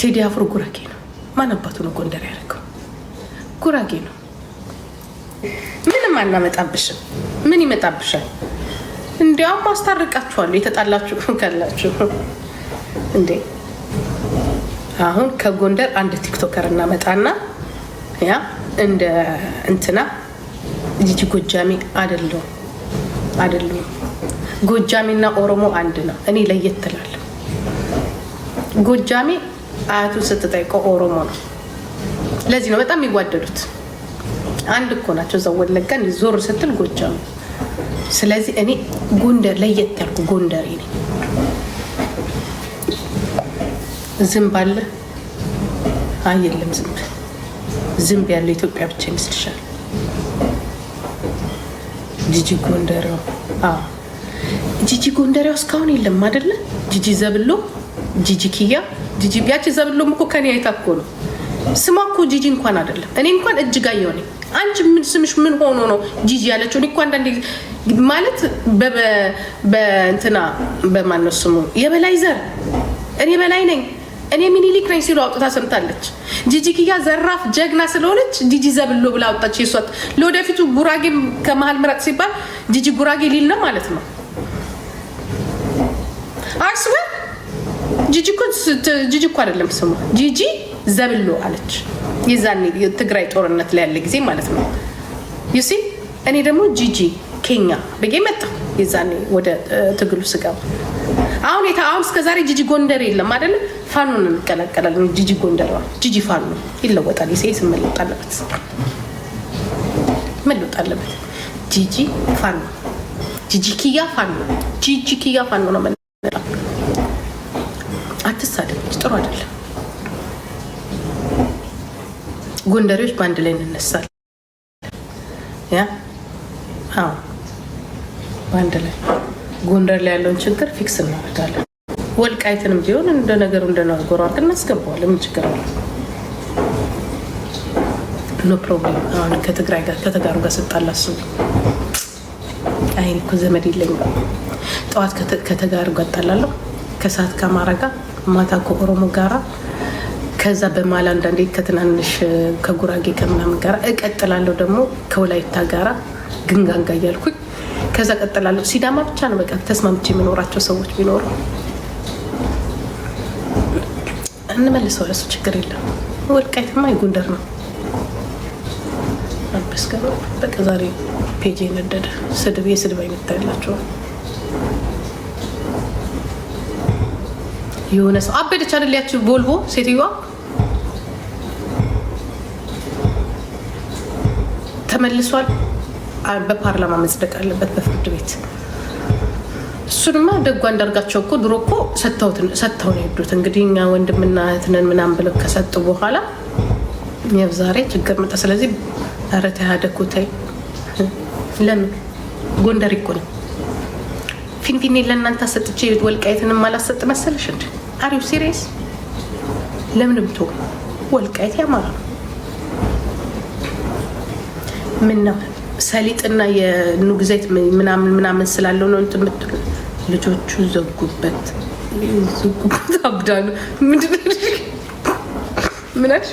ቴዲ አፍሮ ጉራጌ ነው። ማን አባቱ ነው ጎንደር ያደረገው? ጉራጌ ነው። ምንም አናመጣብሽም። ምን ይመጣብሻል? እንዲያውም አስታርቃችኋለሁ የተጣላችሁ ካላችሁ እንዴ። አሁን ከጎንደር አንድ ቲክቶከር እናመጣና ያ እንደ እንትና ጂጂ ጎጃሜ አይደለሁ አይደለሁ። ጎጃሜና ኦሮሞ አንድ ነው። እኔ ለየት እላለሁ። ጎጃሜ አያቱን ስትጠይቀው ኦሮሞ ነው። ለዚህ ነው በጣም የሚዋደዱት። አንድ እኮ ናቸው። እዛ ወለጋን ዞር ስትል ነው። ስለዚህ እኔ ጎንደር ለየት ያልኩ ጎንደሬ ነኝ። ዝንብ አለ አየለም። ዝንብ ዝንብ ያለው ኢትዮጵያ ብቻ ይመስልሻል? ጂጂ ጎንደሬው ጂጂ ጎንደሬው እስካሁን የለም አይደለ? ጂጂ ዘብሎ፣ ጂጂ ኪያ ጂጂ ያቺ ዘብሎም እኮ ከኔ አይታ ነው። ስሟ እኮ ጂጂ እንኳን አይደለም። እኔ እንኳን እጅጋየሁ ነኝ። አንቺ ምን ስምሽ ምን ሆኖ ነው ጂጂ ያለችው? እኔ እኮ አንዳንዴ ማለት በእንትና በማን ስሙ የበላይ ዘር እኔ በላይ ነኝ እኔ ሚኒሊክ ነኝ ሲሉ አውጥታ ሰምታለች። ጂጂ ኪያ ዘራፍ ጀግና ስለሆነች ጂጂ ዘብሎ ብላ አውጣች። የሷት ለወደፊቱ ጉራጌ ከመሀል ምረጥ ሲባል ጂጂ ጉራጌ ሊል ነው ማለት ነው አርስበት ጂጂ እኮ አይደለም ስሙ ጂጂ ዘብሎ አለች። የዛኔ የትግራይ ጦርነት ላይ ያለ ጊዜ ማለት ነው። ዩሲ እኔ ደግሞ ጂጂ ኬኛ ብዬ መጣ የዛኔ ወደ ትግሉ ስገባ። አሁን አሁን እስከዛሬ ጂጂ ጎንደር የለም አይደለም። ፋኑን እንቀላቀላለን። ጂጂ ጎንደር ጂጂ ፋኑ ይለወጣል። ይሴ ስም መለወጥ አለበት፣ መለወጥ አለበት። ጂጂ ፋኑ፣ ጂጂ ኪያ ፋኑ፣ ጂጂ ኪያ ፋኑ ነው መለወጥ አትሳደብ፣ ጥሩ አይደለም። ጎንደሬዎች በአንድ ላይ እንነሳል። ያ አዎ፣ በአንድ ላይ ጎንደር ላይ ያለውን ችግር ፊክስ እናደርጋለን። ወልቃይትንም ቢሆን እንደ ነገሩ እንደናጎራርግ እናስገባዋለን። ምን ችግር አለ? ኖ ፕሮብሌም። አሁን ከትግራይ ጋር ከተጋሩ ጋር ስጣላ እሱ አይ እኮ ዘመድ የለኝም። ጠዋት ከተጋሩ ጋር እጣላለሁ፣ ከሰዓት ከአማራ ጋር ማታ ከኦሮሞ ጋራ ከዛ በማል አንዳንዴ ከትናንሽ ከጉራጌ ከምናምን ጋራ እቀጥላለሁ። ደግሞ ከወላይታ ጋራ ግንጋንጋ እያልኩኝ ከዛ እቀጥላለሁ። ሲዳማ ብቻ ነው በቃ ተስማምቼ የሚኖራቸው ሰዎች ቢኖሩ እንመልሰው። ለሱ ችግር የለም። ወልቃይትማ የጎንደር ነው። አበስገ በቃ ዛሬ ፔጅ የነደደ ስድብ የስድብ አይነት ያላቸዋል የሆነ ሰው አበደች አይደል? ያቺው ቮልቮ ሴትዮዋ ተመልሷል። በፓርላማ መጽደቅ አለበት በፍርድ ቤት። እሱንማ ደጓ አንዳርጋቸው እኮ ድሮ እኮ ሰጥተው ነው የሄዱት። እንግዲህ እኛ ወንድምና እህት ነን ምናምን ብለው ከሰጡ በኋላ ያው ዛሬ ችግር መጣ። ስለዚህ ኧረ ተያደኩ ተይ። ለምን ጎንደር እኮ ነው ፊንፊኔ ለእናንተ ሰጥቼ ወልቃየትንም አላሰጥ መሰለሽ እንደ አሪፍ ሲሪየስ ለምን ብቶ ወልቃይት ያማራ ምን ነው ሰሊጥና የኑግዘት ምናምን ምናምን ስላለው ነው እንትን የምትሉ ልጆቹ ዘጉበት ዘጉበት። አብዳኑ ምንድምናሽ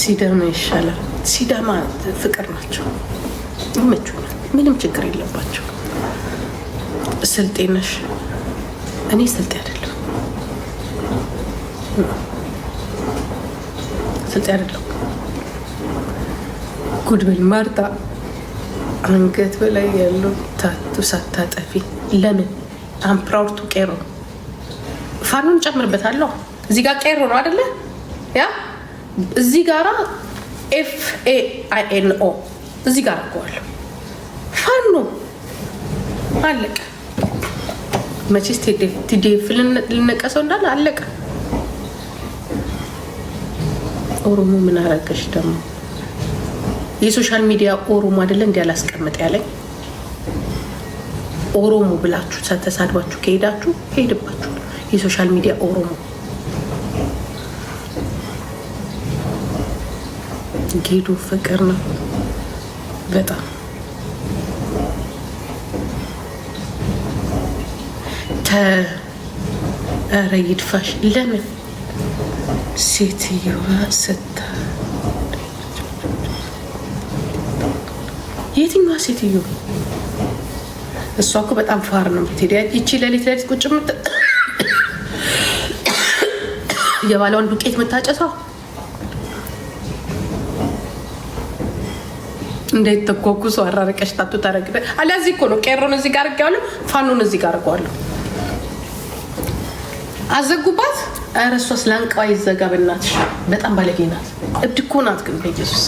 ሲደማ ይሻላል። ሲዳማ ፍቅር ናቸው፣ ይመቹናል። ምንም ችግር የለባቸው። ስልጤ ነሽ። እኔ ስልጤ አይደለሁ፣ ስልጤ አይደለሁ። ጉድ በል ማርታ፣ አንገት በላይ ያለው ታቱ ሳታጠፊ ለምን? አምፕራውርቱ ቄሮ ፋኑን ጨምርበታለሁ። እዚህ ጋር ቄሮ ነው አደለ? ያ እዚህ ጋራ ኤፍ ኤ አይ ኤን ኦ እዚህ ጋር አርገዋለሁ። ፋኖ አለቀ። መቼስ ቲዲኤፍ ልነቀሰው እንዳለ አለቀ። ኦሮሞ ምን አረገሽ ደግሞ? የሶሻል ሚዲያ ኦሮሞ አይደለ እንዲ ላስቀምጥ ያለኝ ኦሮሞ ብላችሁ ተሳድባችሁ ከሄዳችሁ ሄድባችሁ። የሶሻል ሚዲያ ኦሮሞ ጌዱ ፍቅር ነው በጣም ኧረ ይድፋሽ። ለምን ሴትዮዋ ስታ የትኛዋ ሴትዮ? እሷ እኮ በጣም ፋር ነው ምትሄድ። ይቺ ሌሊት ሌሊት ቁጭ ምት የባለውን ዱቄት ምታጨሰው እንዴት ተኮኩሶ አራረቀሽ ታቱ አለ አለዚህ እኮ ነው ቄሮን እዚህ ጋር አርጌዋለሁ፣ ፋኑን እዚህ ጋር አርገዋለሁ። አዘጉባት። ኧረ እሷስ ላንቃዋ ይዘጋ በእናትሽ። በጣም ባለጌ ናት፣ እብድ እኮ ናት። ግን በኢየሱስ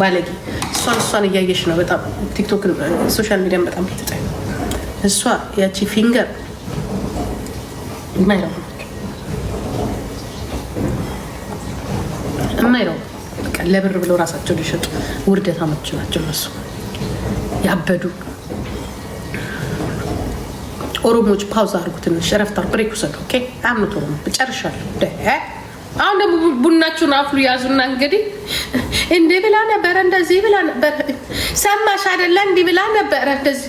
ባለጌ እሷን እሷን እያየሽ ነው። በጣም ቲክቶክ፣ ሶሻል ሚዲያን በጣም ትጠ እሷ ያቺ ፊንገር የማይረው የማይረው ለብር ብለው ራሳቸው ሊሸጡ ውርደታሞች ናቸው እነሱ ያበዱ ኦሮሞዎች ፓውዝ አድርጉ፣ ትንሽ እረፍት ብሬክ ውሰዱ። ኦኬ ኦሮሞ ጨርሻለሁ። አሁን ደግሞ ቡናችሁን አፍሉ ያዙና፣ እንግዲህ እንዲህ ብላ ነበረ፣ እንደዚህ ብላ ነበረ፣ ሰማሽ አይደለ? እንዲህ ብላ ነበረ፣ እንደዚህ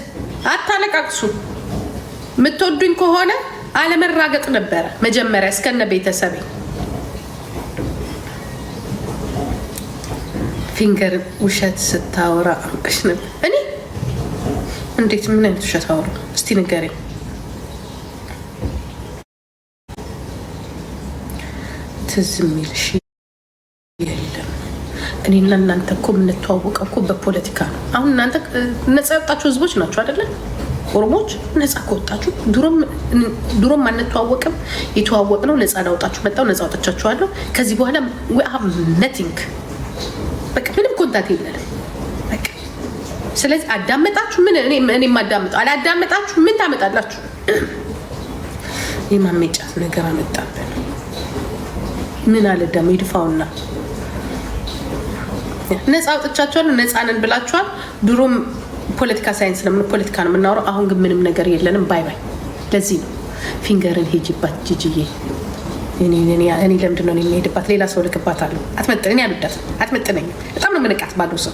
አታለቃቅሱ። የምትወዱኝ ከሆነ አለመራገጥ ነበረ መጀመሪያ እስከነ ቤተሰቤ ፊንገር ውሸት ስታወራ አንቀሽ ነበር። እኔ እንዴት ምን አይነት ውሸት አወራ? እስቲ ንገረኝ። ትዝ የሚልሽ የለም። እኔና እናንተ እኮ የምንተዋወቀ እኮ በፖለቲካ ነው። አሁን እናንተ ነፃ ያወጣችሁ ህዝቦች ናቸው አይደለም? ኦሮሞዎች ነፃ ከወጣችሁ ድሮም አንተዋወቅም። የተዋወቅ ነው ነፃ ላወጣችሁ መጣው ነፃ ወጣቻችኋለሁ። ከዚህ በኋላ ነቲንግ በቃ ምንም ኮንታት የለንም። ስለዚህ አዳመጣችሁ ምን እኔ ማዳመጠው አላዳመጣችሁ ምን ታመጣላችሁ? የማመጫት ነገር አመጣብን። ምን አለ አልደም ይድፋውና ነፃ አውጥቻቸዋል። ነፃንን ብላችኋል። ድሮም ፖለቲካ ሳይንስ ለምን ፖለቲካ ነው የምናወራው። አሁን ግን ምንም ነገር የለንም። ባይ ባይ። ለዚህ ነው ፊንገርን ሄጅባት ጅጅዬ። እኔ ለምንድን የሚሄድባት? ሌላ ሰው ልክባት አለ። አትመጥነኝ አልወዳትም፣ አትመጥነኝ። በጣም ነው የምንቃት። ባዶ ሰው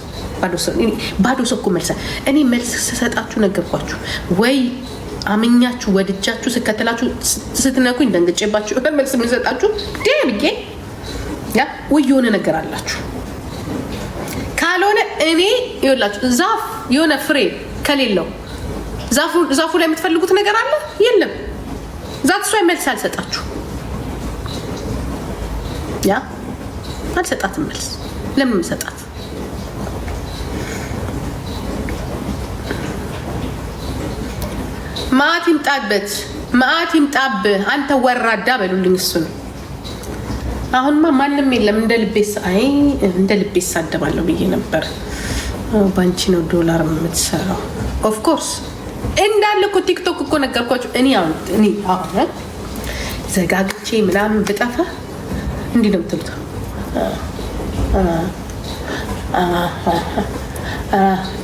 ባዶ ሰው እኮ መልሰ እኔ መልስ ስሰጣችሁ ነገርኳችሁ ወይ አመኛችሁ ወድጃችሁ ስከተላችሁ ስትነኩኝ ደንግጬባችሁ መልስ የምንሰጣችሁ ደብቄ ያ ውይ የሆነ ነገር አላችሁ። ካልሆነ እኔ ይላችሁ ዛፍ የሆነ ፍሬ ከሌለው ዛፉ ላይ የምትፈልጉት ነገር አለ የለም። ዛት ሷ መልስ አልሰጣችሁ ያ አልሰጣትም መልስ ለምን ሰጣት? ማአት ይምጣበት፣ ማአት ይምጣብህ አንተ ወራዳ በሉልኝ። እሱ ነው አሁንማ ማንም የለም። እንደ ልቤስ አይ እንደ ልቤ ሳደባለሁ ብዬ ነበር። ባንቺ ነው ዶላር የምትሰራው። ኦፍኮርስ እንዳለ እኮ ቲክቶክ እኮ ነገርኳቸው። እኔ አሁን እኔ አሁን ዘጋግቼ ምናምን ብጠፋ እንዲህ ነው የምትሉት።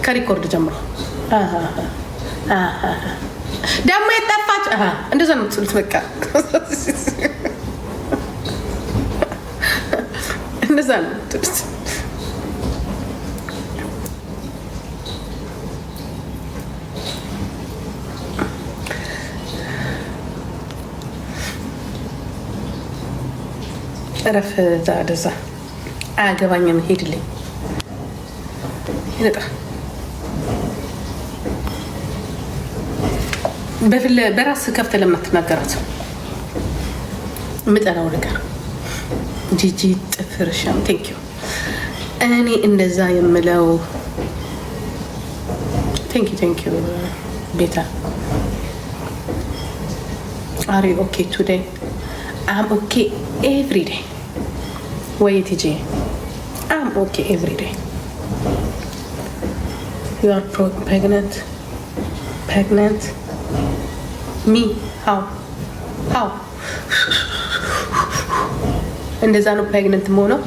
ከሪኮርድ ጀምሮ ደግሞ የጠፋች እንደዛ ነው ትሉት። በቃ እንደዛ ነው የምትሉት። እረፍ። ዛ ደዛ አያገባኝም። ሄድልኝ ይነጣ በራስ ከፍተ ለማትናገራት ምጠራው ነገር ጂጂ ጥፍርሽም ቴንክ ዩ። እኔ እንደዛ የምለው ቴንክ ዩ ቴንክ ዩ ቤታ አሪ ኦኬ ቱዴይ አም ኦኬ ኤቭሪ ዴይ ወይ ቲጂ አም ኦኬ ኤቭሪ ዴይ ዩ አር ፕሬግነንት ፕሬግነንት ሚ ሀው ሀው እንደዛ ነው ፕሬግነንት መሆነው።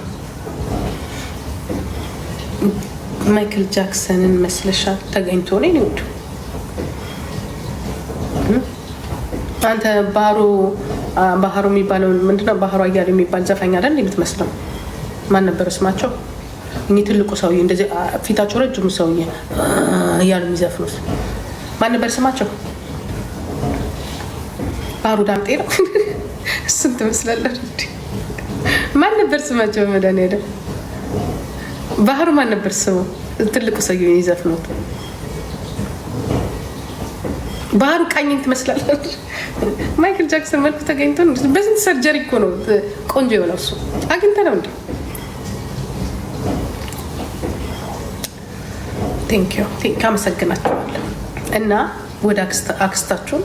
ማይክል ጃክሰንን መስለሻል ተገኝቶ ነው ይወዱ አንተ ባህሩ ባህሩ የሚባለውን ምንድነው? ባህሩ አያሌ የሚባል ዘፋኝ አይደል የምትመስለው? ማን ነበረ ስማቸው? እኚህ ትልቁ ሰውዬ እንደዚህ ፊታቸው ረጅሙ ሰውዬ እያሉ የሚዘፍኑት ማን ነበር ስማቸው? ባሩ ዳምጤ ነው። እሱን ትመስላለህ። ማን ነበር ስማቸው? መድኃኒዓለም ባህሩ ማን ነበር ስሙ? ትልቁ ሰውዬው የሚዘፍኑት ባህሩ ቃኝን ትመስላለህ። ማይክል ጃክሰን መልኩ ተገኝቶ በስንት ሰርጀሪ እኮ ነው ቆንጆ የሆነው እሱ አግኝተ ነው እንዲ ቴንኪዩ እና ወደ አክስታችሁን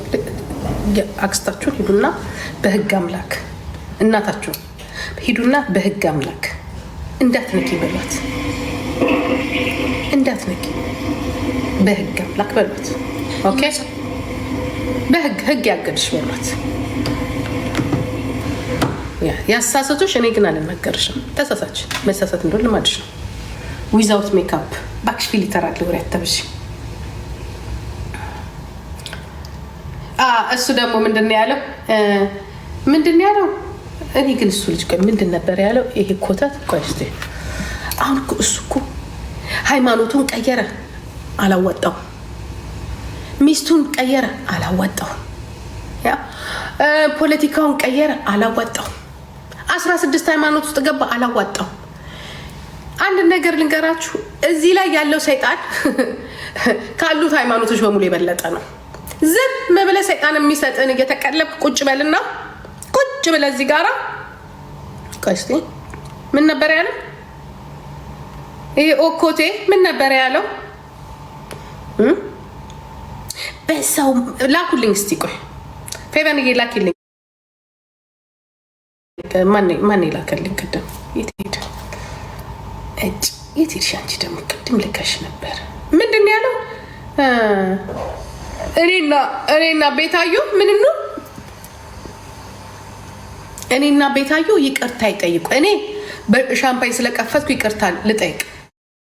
አክስታችሁን ሂዱና በህግ አምላክ እናታችሁን ሂዱና በህግ አምላክ እንዳትነኪ በሏት፣ እንዳትነኪ በህግ አምላክ በሏት። ኦኬ በህግ ህግ ያገድሽ በሏት። ያሳሰቶች እኔ ግን አልናገርሽም። ተሳሳች መሳሳት እንደሆን ልማድሽ ነው። ዊዛውት ሜካፕ ባክሽ ፊል ይተራል ወሬ አታብዥ እሱ ደግሞ ምንድን ያለው ምንድን ያለው እኔ ግን እሱ ልጅ ምንድን ነበር ያለው? ይሄ ኮተት ቆይስ አሁን እሱ እኮ ሃይማኖቱን ቀየረ አላወጣው ሚስቱን ቀየረ አላወጣው ፖለቲካውን ቀየረ አላወጣው አስራ ስድስት ሃይማኖት ውስጥ ገባ አላወጣው። አንድ ነገር ልንገራችሁ፣ እዚህ ላይ ያለው ሰይጣን ካሉት ሃይማኖቶች በሙሉ የበለጠ ነው። ዝም ብለህ ሰይጣን የሚሰጥን እየተቀለብክ ቁጭ በልና ቁጭ ብለህ እዚህ ጋራ ቀስቲ ምን ነበር ያለው? ይሄ ኦኮቴ ምን ነበር ያለው? በሰው ላኩልኝ እስቲ ቆይ ፌቨንዬ ላኪልኝ። ማን ላከልኝ? ቅድም የት ሄድ እጭ የት ሄድሽ አንቺ ደግሞ? ቅድም ልከሽ ነበር ምንድን ያለው እኔና እኔና ቤታዩ ምን ነው። እኔና ቤታዩ ይቅርታ ይጠይቁ። እኔ ሻምፓኝ ስለቀፈትኩ ይቅርታ ልጠይቅ